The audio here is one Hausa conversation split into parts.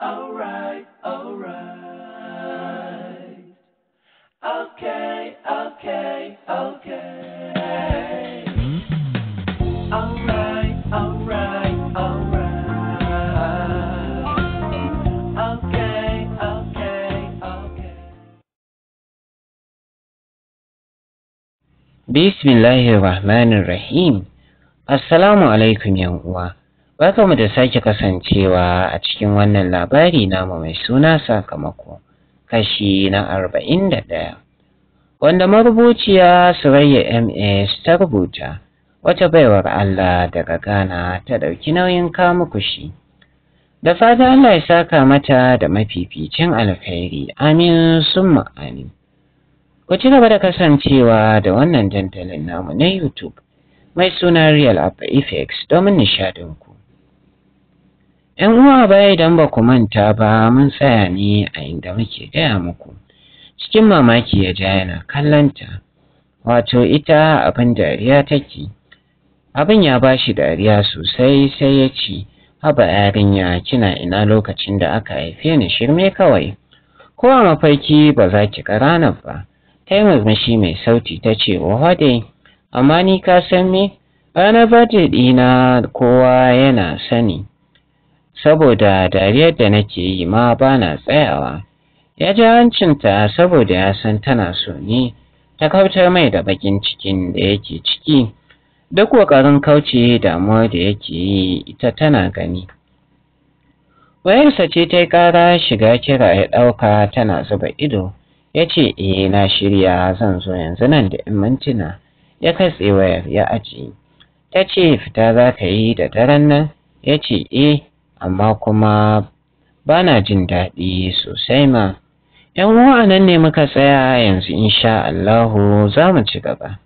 alright, alright, alright. Okay, okay, okay. Alright, alright, alright. Bismillahirrahmanirrahim. Assalamu alaikum uwa. mu da sake kasancewa a cikin wannan labari namu mai suna sakamako kashi na arba'in da ɗaya wanda marubuciya Surayya MS ta rubuta wata baiwar Allah daga Ghana ta ɗauki nauyin muku shi. Da fata Allah ya saka mata da mafificin alkhairi amin sun ma'ani Ku ci gaba da kasancewa da wannan dandalin namu na YouTube mai suna Real Up Effects domin nishadinku. ‘Yan uwa baya idan ba ku manta ba mun tsaya ne a inda muke gaya muku. Cikin mamaki ya ja yana kallonta, wato ita abin dariya take. Abin ya ba shi dariya sosai sai ya ce, Haba yarinya kina ina lokacin da aka haife ni shirme kawai. Ko a mafarki ba za ki ranar ba. Ta yi murmushi mai sauti ta ce, wa amma ni ka san me? Ranar birthday ɗina kowa yana sani. saboda dariyar da nake yi ma ba na tsayawa. Ya ji hancinta saboda ya san tana so ne, ta kautar mai da bakin cikin da yake ciki. Duk ƙoƙarin kauce damuwar da yake yi ita tana gani. Wayarsa ce ta ƙara shiga kira ya ɗauka tana zuba ido. Ya ce, "E, na shirya zan zo yanzu nan da 'yan mintuna." Ya kai wayar ya ajiye. Ta ce, "Fita za ka yi da daren nan?" Ya ce, "E, amma kuma ba na jin daɗi sosai ma. ‘Yan uwa nan ne muka tsaya yanzu in sha Allahu za mu ci gaba.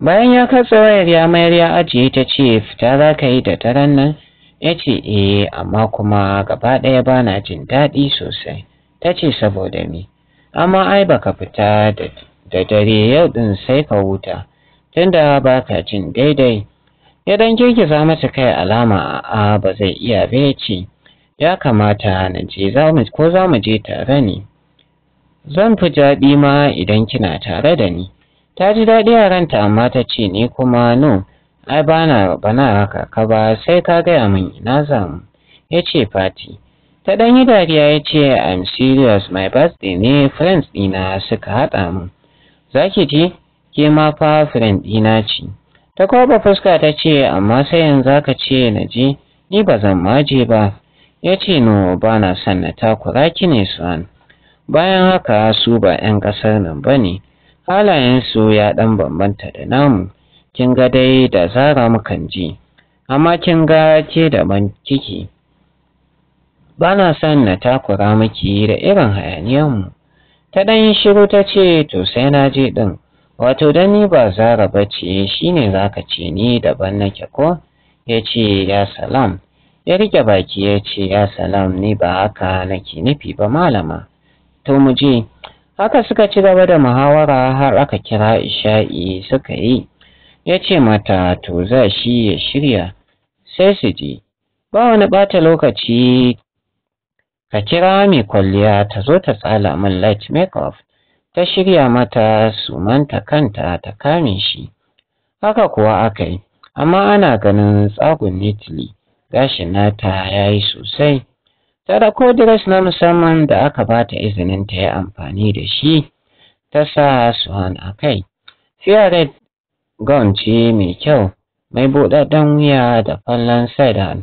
Bayan ya katsa wayar ya mayar ya ajiye ta ce fita za ka yi da taron nan? Ya ce eh amma kuma gaba ɗaya ba na jin daɗi sosai. Ta ce saboda ni. Amma ai baka fita da dare yau ɗin sai ka wuta, tunda ba ka jin daidai. ya dan girgiza mata kai alama a ba zai iya ba ya ce ya kamata na je ko za mu je tare ne zan fi jaɗi ma idan kina tare da ni ta ji daɗi a ranta amma ta ce ni kuma no ai bana bana haka ka ba sai ka gaya min ina zamu ya ce fati ta ɗan yi dariya ya ce i'm serious my birthday ne friends ɗina suka haɗa mu zaki ce ke ma fa friend ɗina ce ta kwaba fuska ta ce amma sai yanzu aka ce na ji ni ba zan maje ba ya ce no ba na son na takura ki ne suwan bayan haka su ba 'yan ƙasar nan ba ne halayensu ya ɗan bambanta da namu kin ga dai da zara mukan ji amma kin ga ke da man kiki ba na son na takura miki da irin hayaniyanmu ta ɗan shiru ta ce to sai na je ɗin wato dan ni ba zara ba ce shine zaka ce ni daban nake ko yace ce ya salam ya rike baki yace ce ya salam ni ba haka nake nufi ba malama to mu je haka suka ci gaba da muhawara har aka kira isha'i suka yi yace mata to za shi ya shirya sai su ji. ba wani bata lokaci ka kira mai kwalliya ta zo ta tsala min light make-off ta shirya mata sumanta kanta ta kame shi haka kuwa aka yi amma ana ganin tsagun Italy, gashin nata ya yi sosai ta da dires na musamman da aka ba ta izinin ta yi amfani da shi ta sa suhan a kai fiyaret gown ce mai kyau mai buɗaɗɗen wuya da fallon side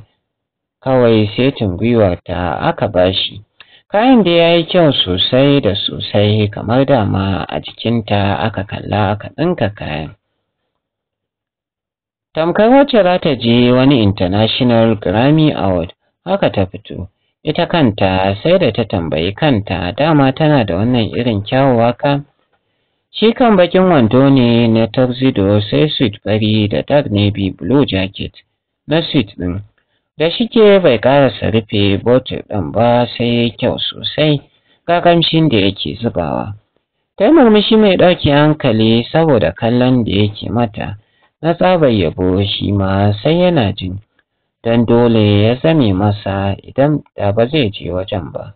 kawai setin gwiwa ta aka ba shi Kayan da ya yi kyau sosai da sosai kamar dama a jikinta aka kalla aka ɗinka kayan. Tamkar wacce za ta je wani International Grammy Award haka ta fito, ita kanta sai da ta tambayi kanta dama tana da wannan irin kyawu ka. Shi kan bakin wando ne na tuxedo sai suit fari da dark navy blue jacket na suit ɗin. da shike bai karasa rufe botul ɗin ba sai ya kyau sosai ga kamshin da yake zubawa ta murmushi mai ɗauke hankali saboda kallon da yake mata na tsabar yabo shi ma sai yana jin don dole ya zame masa idan da ba zai je wajen ba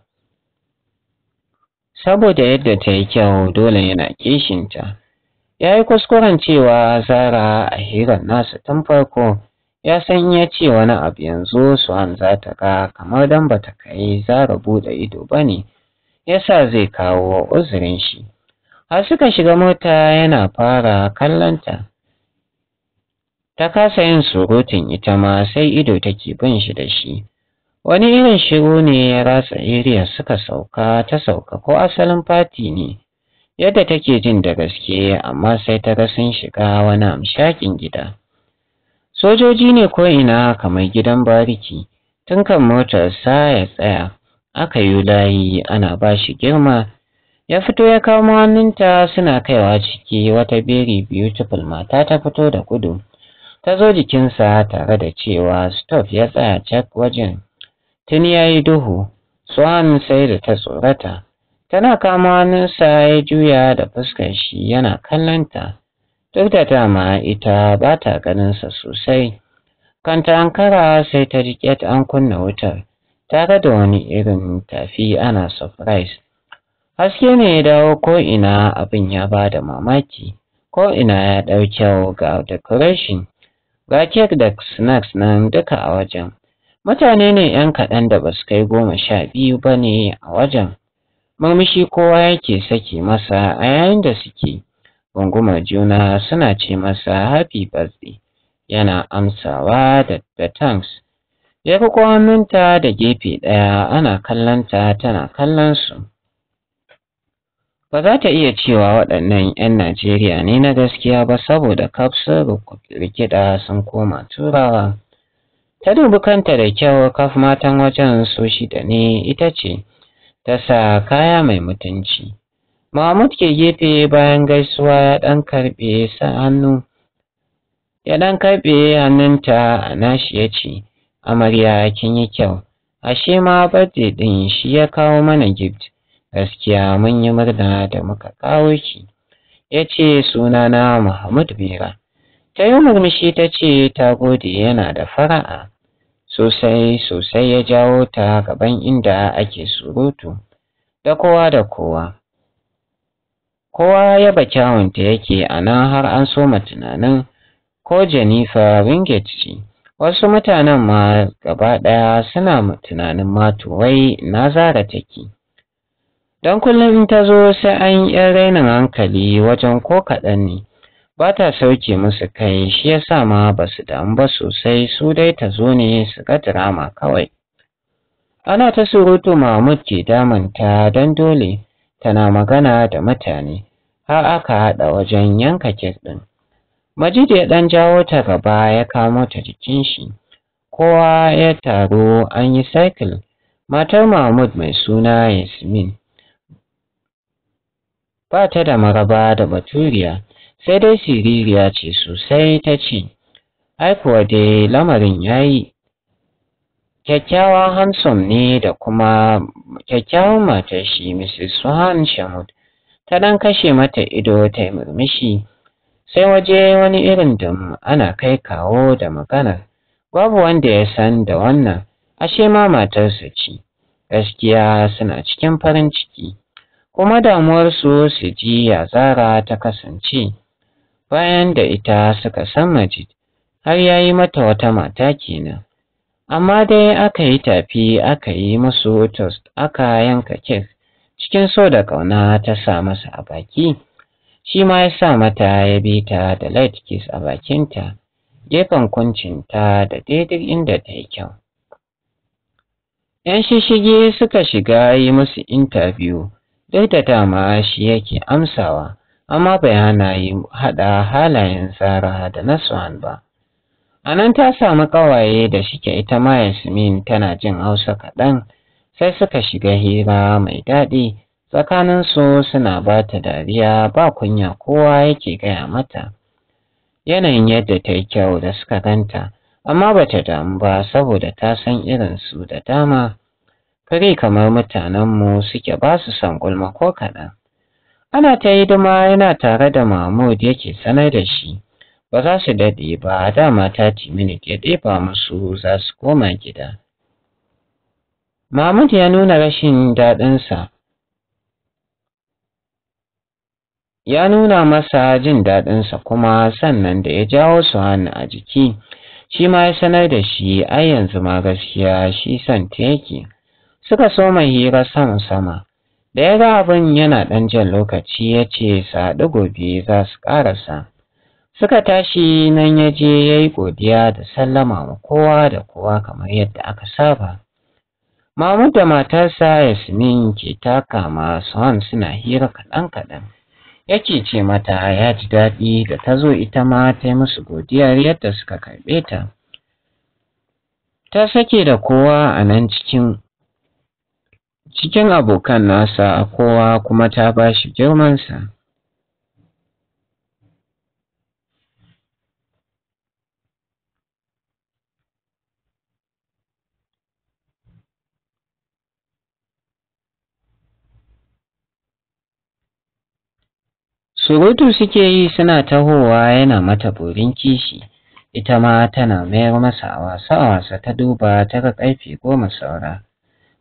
saboda yadda ta yi kyau dole yana kishinta ya yi kuskuren cewa zara a hirar nasa tun farko ya san ya ce wani abu yanzu Suhan za ta ga kamar dan ba ta kai zara buɗe ido ba ne ya sa zai kawo uzurin shi har suka shiga mota yana fara kallonta ta kasa yin surutun ita ma sai ido take bin shi da shi wani irin shiru ne ya ratsa iriya suka sauka ta sauka ko asalin fati ne yadda take jin da gaske amma sai ta ga sun shiga wani amshakin gida sojoji ne ko ina kamar gidan bariki tun kan motar sa ya tsaya aka yi layi ana ba shi girma ya fito ya kamo hannunta suna kaiwa ciki wata beri beautiful mata ta fito da kudu ta zo jikinsa tare da cewa stop ya tsaya cak wajen tun ya yi duhu swan sai da ta tsorata tana kama hannunsa ya juya da fuskar shi yana kallonta duk da dama ita ba ta ganinsa sosai. Kanta ankara sai ta riƙe an kunna wutar, tare da wani irin tafi ana surprise. Haske ne ya dawo ina abin ya ba da mamaki, ko ina ya ɗau kyau ga decoration, ga kek da snacks nan duka a wajen. Mutane ne ‘yan kaɗan da ba su kai goma sha biyu ba ne a wajen. Murmushi kowa yake saki masa a yayin da suke Gunguma juna suna ce masa happy birthday yana amsawa da, da thanks ya fi hannunta da gefe ɗaya ana kallonta tana kallon su ba za ta iya cewa waɗannan 'yan najeriya ne na gaskiya ba saboda kafsir rikida sun koma turawa ta dubi kanta da kyau kaf matan wajen su shida ne ita ce ta sa kaya mai mutunci Mahmud ke gefe bayan gaisuwa ya ɗan karɓe hannu ya ɗan karɓe hannunta nashi ya ce amarya kin yi kyau ashe ma birthday ɗin shi ya kawo mana gift gaskiya mun yi murna da muka kawo ki ya ce sunana Mahmud Bera ta yi murmushi ta ce ta gode yana da fara'a sosai sosai ya jawo ta gaban inda ake surutu da kowa da kowa kowa ya ba kyawunta yake a nan har an soma tunanin ko Jennifer Wingate ce. Wasu mutanen ma gaba ɗaya suna tunanin matuwai na zara take. Don kullum ta zo sai an yi ‘yan rainin hankali wajen ko kaɗan ne, ba ta sauke musu kai shi ya sa ma ba su damu ba sosai su dai ta zo ne su ga drama kawai. Ana ta surutu Mahmud ke ta don dole. tana magana da mutane har aka haɗa wajen yanka kek ɗin. Majid ya ɗan jawo ta gaba ya kamo ta jikin shi. Kowa ya taru an yi cycle. Matar Mahmud mai suna Yasmin ba ta da maraba da baturiya sai dai siririya ce sosai ta ce, Ai kuwa dai lamarin ya yi, kyakkyawan hansom ne da kuma kyakkyawan matar shi Mrs. Suhan Shamud ta dan kashe mata ido ta yi murmushi sai waje wani irin da ana kai kawo da magana babu wanda ya san da wannan ashe ma matarsa ci gaskiya suna cikin farin ciki kuma damuwarsu su ji ya zara ta kasance bayan da ita suka san majid har ya yi mata wata mata kenan amma dai aka yi tafi aka yi musu toast aka yanka kek cikin so da ƙauna ta sa masa a baki shi ma ya sa mata ya bi ta da light kiss a bakinta gefen kuncinta da daidai inda ta yi kyau ‘yan shishige suka shiga yi musu intabiyu duk da dama shi yake amsawa amma bai hana yi haɗa halayen tsara da na ba A nan ta samu ƙawaye da shike ita ma Yasmin tana jin Hausa kaɗan sai suka shiga hira mai daɗi tsakaninsu suna ba ta dariya ba kunya kowa yake gaya mata. Yanayin yadda ta yi kyau da suka ganta amma ba ta damu ba saboda ta san irinsu da dama. Kare kamar mutanenmu suke ba su son gulma ko kaɗan. Ana ta hidima yana tare da Mahmud yake sanar da shi. Ba za su daɗe ba, dama ta mini ya ɗefa musu za su koma gida. Mahmud ya nuna rashin daɗinsa. Ya nuna masa jin daɗinsa kuma sannan da ya jawo su hannu a jiki, shi ma ya sanar da shi ai yanzu ma gaskiya shi son ta yake. Suka mai hira sama-sama, da ya ga abin yana ɗan jan lokaci ya ce sa gobe za su ƙarasa. suka tashi nan ya je ya yi godiya da sallama ma kowa da kowa kamar yadda aka saba Mahmud da matarsa Yasmin ke taka ma han suna hira kaɗan-kaɗan. ya ce mata ya ji daɗi da ta zo ita ma ta yi musu godiyar yadda suka karɓe ta. Ta sake da kowa a nan cikin cikin abokan nasa kowa kuma ta ba shi girmansa. surutu suke yi suna tahowa yana mata burin kishi ita ma tana mayar masa a wasa a wasa ta duba ta ga ƙarfe goma saura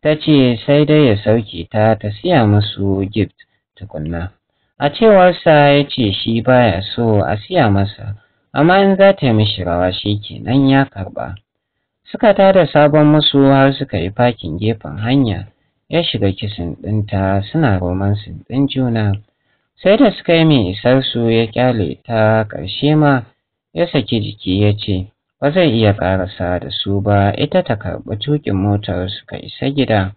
ta ce sai dai ya sauke ta ta siya musu gift tukunna a cewarsa ya ce shi baya so a siya masa amma in za ta yi mishi rawa shi kenan ya karɓa suka da sabon musu har suka yi fakin gefen hanya ya shiga kisin ɗinta suna romansin ɗin juna sai da suka yi mai isar su ya kyale ta ƙarshe ma ya saki jiki ya ce ba zai iya ƙarasa da su ba ita ta karɓi tukin motar suka isa gida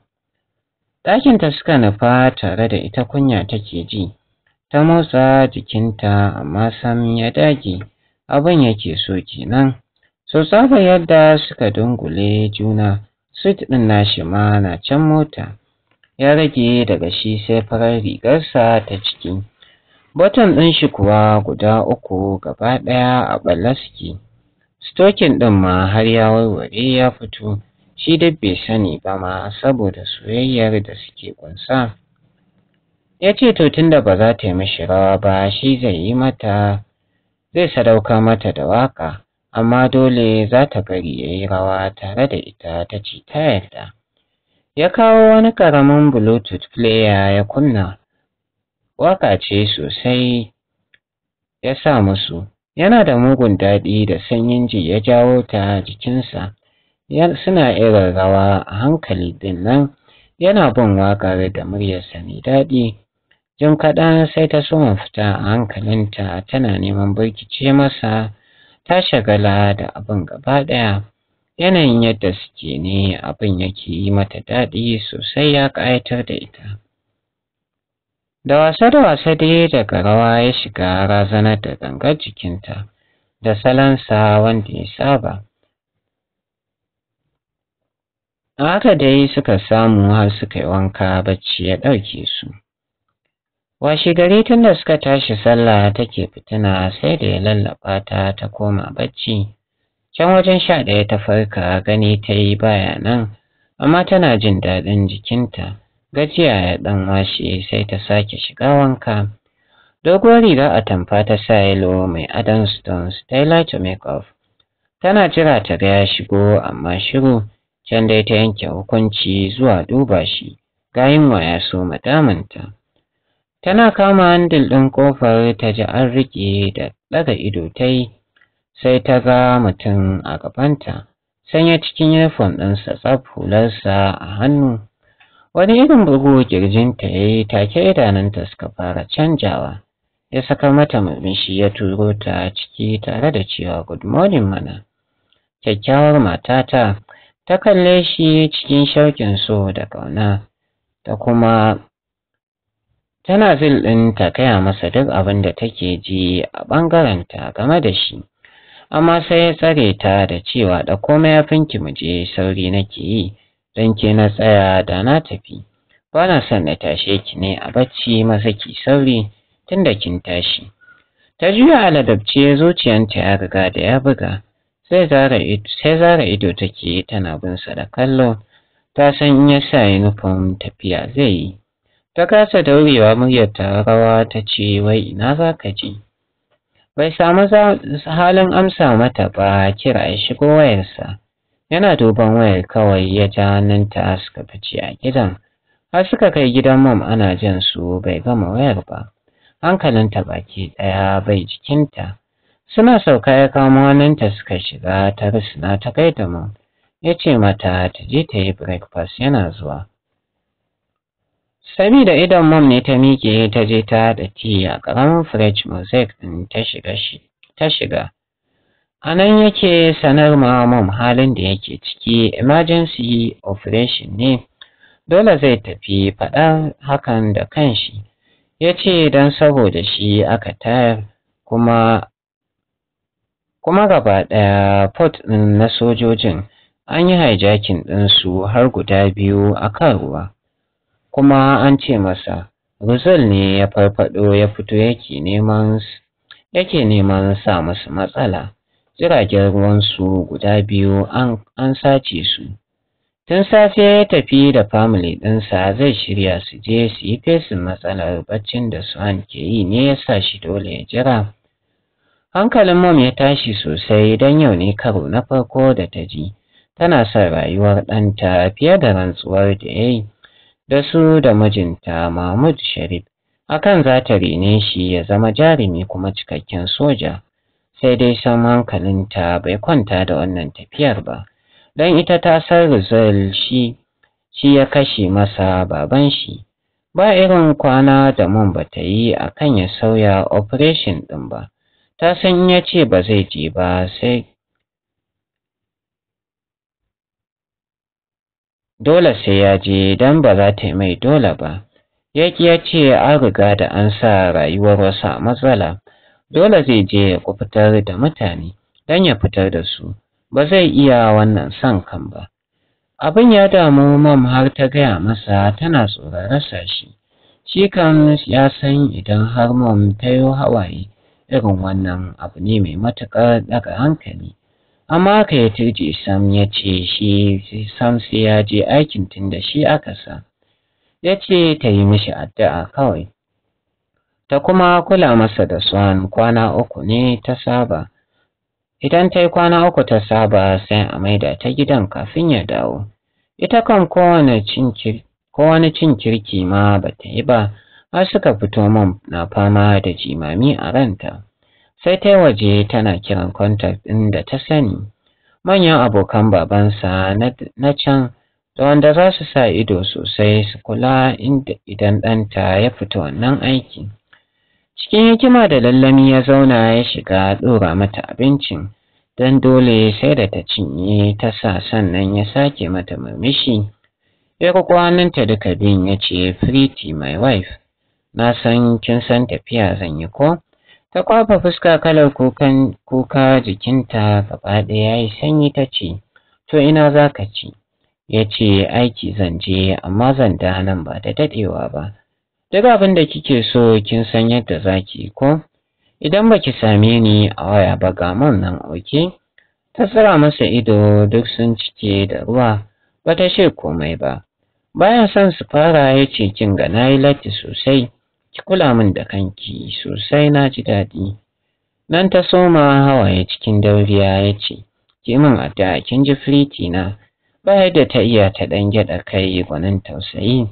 ɗakinta suka nufa tare da ita kunya take ji ta motsa jikinta amma sam ya dage abin yake so kenan so tsafa yadda suka dungule juna suit ɗin nashi ma na can mota ya rage daga shi sai farar rigarsa ta ciki Button ɗin shi kuwa guda uku gaba ɗaya a ɓalla suke. Stokin ɗin ma har ya warware ya fito, shi duk bai sani ba ma saboda soyayyar da suke ƙunsa. Ya ce to tunda ba za ta yi mishi rawa ba shi zai yi mata, zai sadauka mata da waƙa, amma dole za ta bari ya yi rawa tare da ita ta ce ta yarda. Ya kawo wani ƙaramin Bluetooth player ya kunna. waƙa ce sosai ya sa musu yana da mugun daɗi da sanyin ji ya jawo ta jikinsa suna irin rawa a hankali din nan yana bin waƙar da muryarsa mai daɗi jin kaɗan sai ta soma fita a hankalinta tana neman birkice masa ta shagala da abin gaba ɗaya yanayin yadda suke ne abin yake yi mata daɗi sosai ya ƙayatar da ita Da wasa da wasa dai daga rawa ya shiga razana da gangar jikinta da salansa wanda ya saba. A haka dai suka samu har suka yi wanka bacci ya ɗauke su. Washi gari tun da suka tashi sallah take fitina sai da ya lallaba ta ta koma bacci. Can wajen sha ɗaya ta farka gani ta yi baya nan, amma tana jin daɗin jikinta. gajiya ya ɗan washe sai ta sake shiga wanka doguwar riga a tamfa ta sa yalo mai adon stones taylor yi makeup tana jira ta ga ya shigo amma shiru can dai ta yanke hukunci zuwa duba shi ga yunwa ya so madamanta tana kama handil ɗin ƙofar ta ji an riƙe da ɗaga ido ta yi sai ta ga mutum a gabanta sanya cikin yunifom ɗinsa tsaf hularsa a hannu wani irin bugu kirjinta ya yi take idanunta suka fara canjawa ya saka mata murmushi ya turo ta ciki tare da cewa good morning mana kyakkyawar matata ta kalle shi cikin shaukin so da ƙauna ta kuma tana zil ɗin ta kaya masa duk abin da take ji a ɓangarenta game da shi amma sai ya tsare ta da cewa da komai ya finki mu je sauri nake yi danke ke na tsaya da na tafi ba na son na tashe ki ne a bacci masa ki sauri tunda kin tashi ta juya a ladabce zuciyanta ya riga da ya buga sai zara ido take tana bin sa da kallo ta san in ya sa yunifom tafiya zai yi ta kasa daurewa muryar ta rawa ta ce wai ina za ka je bai samu halin amsa mata ba kira ya shigo wayarsa yana duban wayar kawai ya ja ta suka fice a gidan har suka kai gidan mam ana jin su bai gama wayar ba hankalinta baki ɗaya bai jikinta suna sauka ya kama hannunta suka shiga ta rusuna ta kai da mom ya ce mata ta je ta yi breakfast yana zuwa Sabida idan mom ne ta miƙe ta je ta haɗa tea a ƙaramin fridge mosaic ɗin ta shiga ta shiga A nan yake sanar ma mom halin da yake ciki emergency operation ne, dole zai tafi faɗar hakan da kanshi. Ya ce don saboda shi aka tayar kuma kuma gaba ɗaya port ɗin na sojojin an yi hijacking ɗinsu har guda biyu a kan ruwa. Kuma an ce masa, Rizal ne ya farfaɗo ya fito yake neman sa musu matsala. jiragen ruwansu guda biyu an sace su tun safe ya tafi da famili ɗinsa zai shirya su je su yi fesin matsalar baccin da an ke yi ne ya sa shi dole ya jira hankalin mom ya tashi sosai don yau ne karo na farko da ta ji tana sa rayuwar ɗanta fiye da rantsuwar da ya yi da su da mijinta mahmud sharif akan za ta rene shi ya zama jarumi kuma cikakken soja sai dai san hankalinta bai kwanta da wannan tafiyar ba don ita ta san Rizal shi shi ya kashe masa baban shi ba irin kwana da mun ba ta yi a kan ya sauya operation ɗin ba ta san ya ce ba zai je ba sai dole sai ya je don ba za ta yi mai dole ba yaki ya ce an riga da an sa rayuwar wasu a matsala dole zai je ya fitar da mutane don ya fitar da su ba zai iya wannan son kan ba abin ya damu mam har ta gaya masa tana tsoron rasa shi shi kan ya san idan har mam ta yi hawaye irin wannan abu ne mai matuƙar daga hankali amma ka yi turje sam ya ce shi sam sai ya je aikin tun da shi aka sa ya ce ta yi mishi addu'a kawai ta kuma kula masa da tsawon kwana uku ne ta saba. Idan ta yi kwana uku ta saba sai a maida ta gidan kafin ya dawo. Ita kan kowane cin kirki ma ba ta yi ba, har suka fito man na fama da jimami a ranta. Sai ta waje tana kiran kwantar ɗin da ta sani. Manyan abokan babansa na can da wanda za su sa ido sosai su kula idan ɗanta ya fito wannan aiki. cikin hikima da lallami ya zauna ya shiga ɗora mata abincin don dole sai da ta cinye ta sa sannan ya sake mata murmushi ya kwakwaninta duka bin ya ce pretty my wife na san kin san tafiya zan yi ko ta kwafa fuska kalar kukan kuka jikinta gaba ɗaya ya yi sanyi ta ce to ina za ka ci ya ce aiki zan je amma zan da nan ba da dadewa ba duk abin da kike so kin san yadda za ki yi ko idan baki same ni a waya ba ga man nan oke ta tsira masa ido duk sun cike da ruwa ba ta ce komai ba bayan son su fara ya ce kin ga na yi latti sosai ki kula min da kanki sosai na ji daɗi nan ta soma hawaye cikin dauriya ya ce ki min addu'a kin ji firiti na ba yadda ta iya ta ɗan gyaɗa kai gwanin tausayi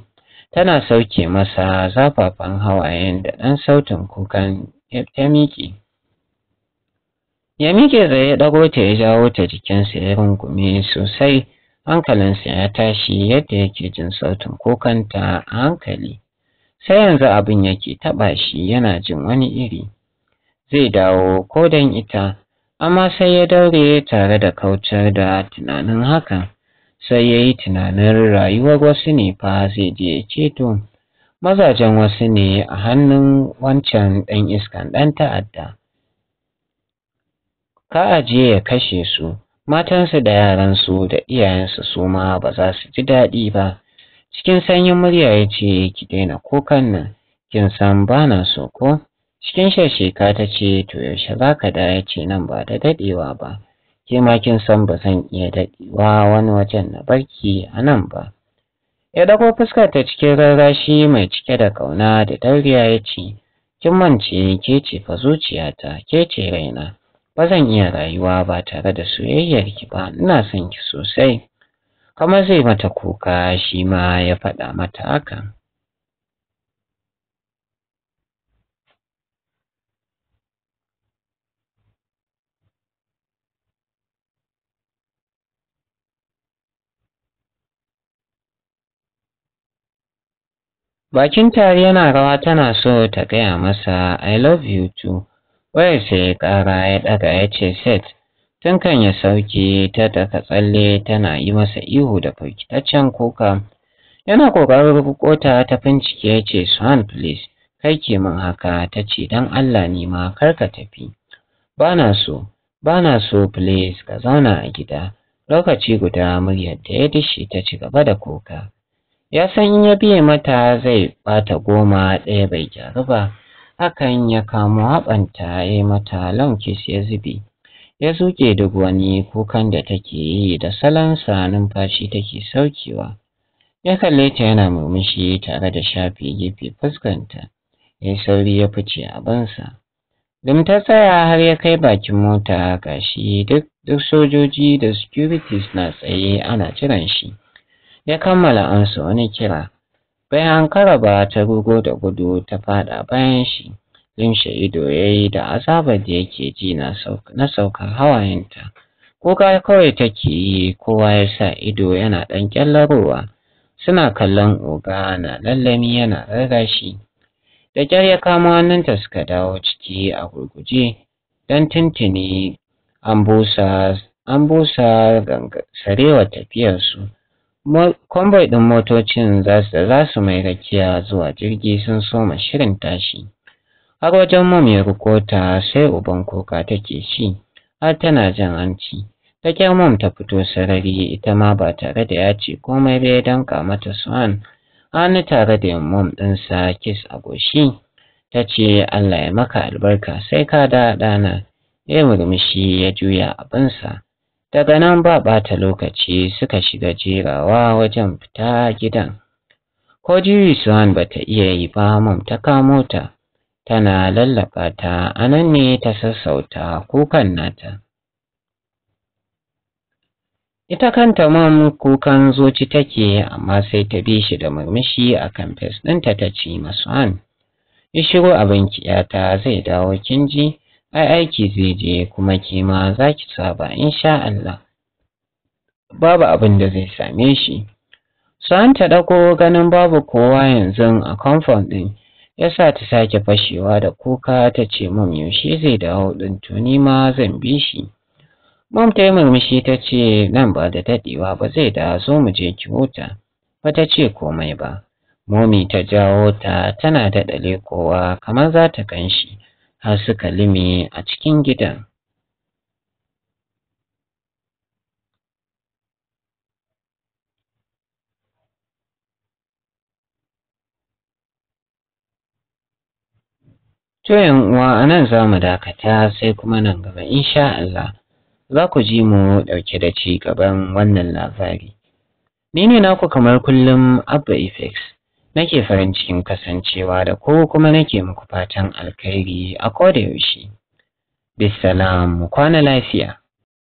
tana sauke masa zafafan hawayen da ɗan sautin kukan ya miƙe. Ya miƙe tsaye ya ɗago ta ya jawo ta jikinsa ya rungume sosai hankalinsa ya tashi yadda yake jin sautin kukanta a hankali. Sai yanzu abin yake taɓa shi yana jin wani iri. Zai dawo ko don ita, amma sai ya daure tare da kautar da tunanin hakan. sai ya yi tunanin rayuwar wasu ne fa zai je ceto mazajen wasu ne a hannun wancan ɗan iskan ɗan ta'adda ka ajiye ya kashe su matansu da yaransu da iyayensu su ma ba za su ji daɗi ba cikin sanyin murya ya ce ki daina kukan nan kin san ba na so ko cikin shasheka ta ce to yaushe za ka da ya ce nan ba da daɗewa ba ke ma kin san ba zan iya daɗewa wani wajen na barki a nan ba. Ya dago fuskar ta cikin rarrashi mai cike da ƙauna da dariya ya ce, Kin mance ke ce fa zuciyata, ke ce raina, ba zan iya rayuwa ba tare da soyayyar ki ba, ina son ki sosai. Kamar zai mata kuka shi ma ya faɗa mata hakan. Bakin tare yana rawa tana so ta gaya masa I love you too. Wayar sai ya ƙara ya ɗaga ya ce set. Tun kan ya sauke ta daga tsalle tana yi masa ihu da firgitaccen kuka. Yana ƙoƙarin rubuko ta ta bincike ya ce Swan please kai ke min haka ta ce don Allah ni ma kar ka tafi. Bana so, bana so please ka zauna a gida. Lokaci guda muryar da ya dishe ta ci gaba da kuka. ya san in ya biye mata zai bata goma ɗaya bai gyaru ba hakan ya kamo haɓanta ya yi mata lankis ya zube ya zuke duk wani kukan da take yi da salansa numfashi take saukewa ya kalle ta yana murmushi tare da shafi gefe fuskanta ya sauri ya fice abinsa Dum ta tsaya har ya kai bakin mota gashi duk duk sojoji da securities na tsaye ana jiran shi. ya kammala amsa wani kira bayan karaba ta rugo da gudu ta fada bayan shi limshe ido ya yi da azabar da yake ji na saukar hawayenta ga kawai take yi kowa ya sa ido yana ɗan kyallarowa suna kallon oga na lallami yana rarrashi da kyar ya kama hannunta suka dawo ciki a gurguje don tuntuni an busa an sarewa tafiyarsu kwambai ɗin motocin za su mai rakiya zuwa jirgi sun soma shirin tashi har wajen mum ya rukota sai uban koka take ci har tana jan hanci ta kyan mom ta fito sarari ita ma ba tare da ya ce komai ba ya danka mata an. hannu tare da mom ɗinsa kis a goshi ta ce allah ya maka albarka sai ka da ɗana ya murmushi ya juya abinsa Daga nan ba ɓata lokaci suka shiga jerawa wajen fita gidan. Ko jiri Suwan ba ta iya yi ba mam ta kamo ta, tana lallaɓa ta a nan ne ta sassauta kukan nata. Ita kanta mam kukan zoci take amma sai ta bi shi da murmushi a kan fes ɗinta ta ci masu an. Yi abin kiyata zai dawo kin ji ai aiki zai je kuma kima zaki saba insha Allah babu abin da zai same shi San ta dako ganin babu kowa yanzu a kamfan ɗin yasa ta sake fashewa da kuka ta ce mum yaushe zai dawo to tuni ma zan bi shi mum ta murmushi ta ce nan ba da dadewa ba zai da zo mu je ki huta ba ta ce komai ba momi ta jawo ta tana daɗale kowa kamar za ta gan shi har suka lume a cikin gidan. To uwa a nan za mu dakata sai kuma nan gaba insha Allah za ku ji mu ɗauke da ci gaban wannan labari. Ni ne naku kamar kullum Abba Effects. nake farin cikin kasancewa da ku kuma nake muku fatan alkhairi a koda yaushe bisalam kwana lafiya